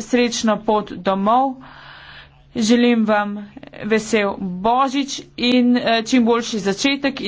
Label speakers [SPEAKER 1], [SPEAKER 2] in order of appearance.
[SPEAKER 1] srečno pot domov. Želim vam vesel Božič in eh, čim boljši začetek.